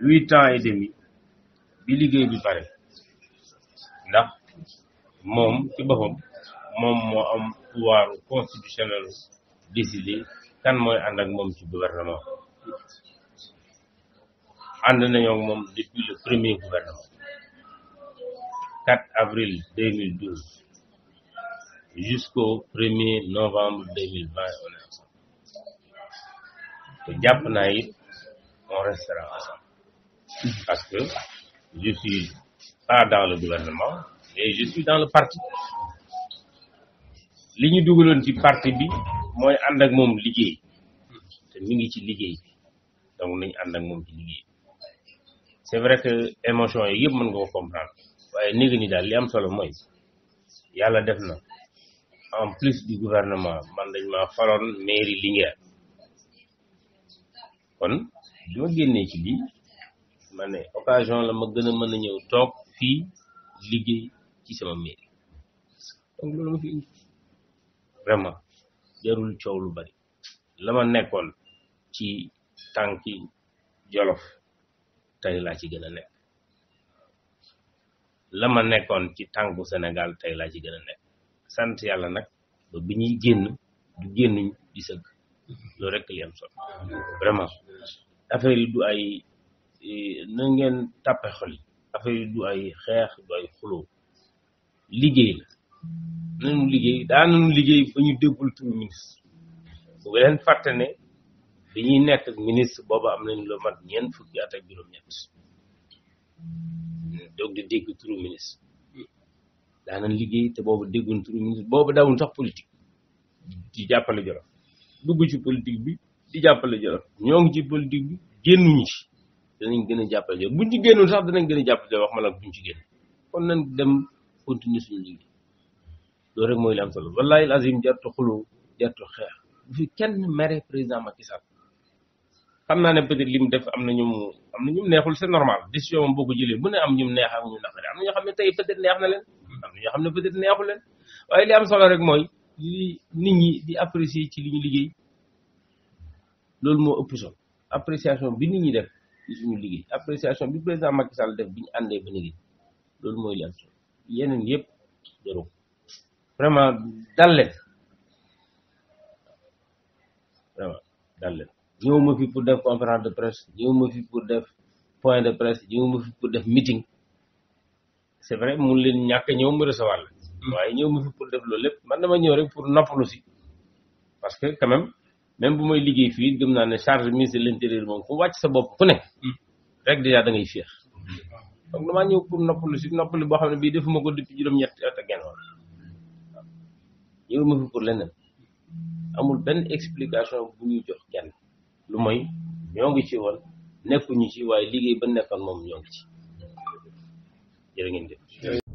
huit ans et demi bi liggéey bi pare ndax moom ci boppam moom am pouvoir constitutionnel décider kan mooy ànd ak moom ci gouvernement ànd nañoo moom depuis le premier gouvernement 4 avril jusqu'au 1 novembre 2020 on est ensemble te jàpp naa it on restera ensemble parce que je suis pas dans le gouvernement mais je suis dans le parti li ñu dugaloon ci parti bi mooy ànd moom liggéey te mi ngi ci liggéey bi donc nañu ànd moom ci liggéey c'est vrai que émotion yi yëpp mën nga ko comprendre waaye néegi ni daal li am solo mooy yàlla def na en plus du gouvernement man dañ maa faloon mairie Linguère kon bi ma ci lii ma ne occasion la ma gën a mën a ñëw toog fii liggéey ci sama mairie donc jarul coow lu bari la ma nekkoon ci tànki jolof tey laa ci gën a nekk la ma nekkoon ci tànku senegal tey laa ci gën a nekk sant yàlla nag ba bi génn du génnuñ di sëgg mm-hmm. loolu rek li am solo vraiment du ay na ngeen tàppe xol yi affaire du ay xeex du ay xuloo liggéey la nañu liggéey daa nañu liggéey ba ñu déggul tur ministre bu leen fàtte ne bi nekk ministre booba am nañ lu mat ñeent fukki at ak juróom-ñett di dégg turu ministre daa nañ liggéey te booba déggun turu ministre booba daawuñ sax politique di jàppale Jolof dugg ci politique bi di jàppale Jolof ñoo ngi ci politique bi génnuñu ci danañ gën a jàppale yoon buñ ci génnul sax danañ gën a jàppale wax ma la buñ ci génn kon nañ dem continuer suñu liggéey loolu rek mooy li am solo fi kenn mere président Macky Sall xam naa ne peut-être li mu def am na ñu am na ñu neexul c'est normal décision moom boo ko jëlee bu ne am ñu neex ak xam ne tey peut-être na leen xam ne peut-être neexul leen waaye li rek mooy li nit ñi di apprécier ci li ñu liggéey loolu moo ëpp solo appréciation bi nit ñi def ci suñu liggéey appréciation bi président Macky Sall def bi ñu àndee ba liggéey loolu mooy lan yeneen yëpp jarul vraiment dal leen vraiment dal leen fi pour def conférence de presse ñëw ma fi pour def point de presse ñëw ma fi pour def meeting c'est vrai mun leen ñàkk ñëw mu recevoir la mm. waaye ñëw ma fi pour def loolu lépp man dama ñëw rek pour noppalu si parce que quand même bu may liggéey fii gëm naa ne charge ministre de l'intérieur moom fu wàcc sa bopp fu ne rek dèjà da ngay donc damaa ñëw pour noppalu si noppalu boo xam ne bii defuma ko depuis juróom-ñetti at ak genn wàll ñëw fi pour leneen amul benn explication bu ñu jox kenn lu mooy ñoo ngi ci woon nekkuñu ci waaye liggéey ba nekkoon moom ñoo ngi ci jërë ngeen jëf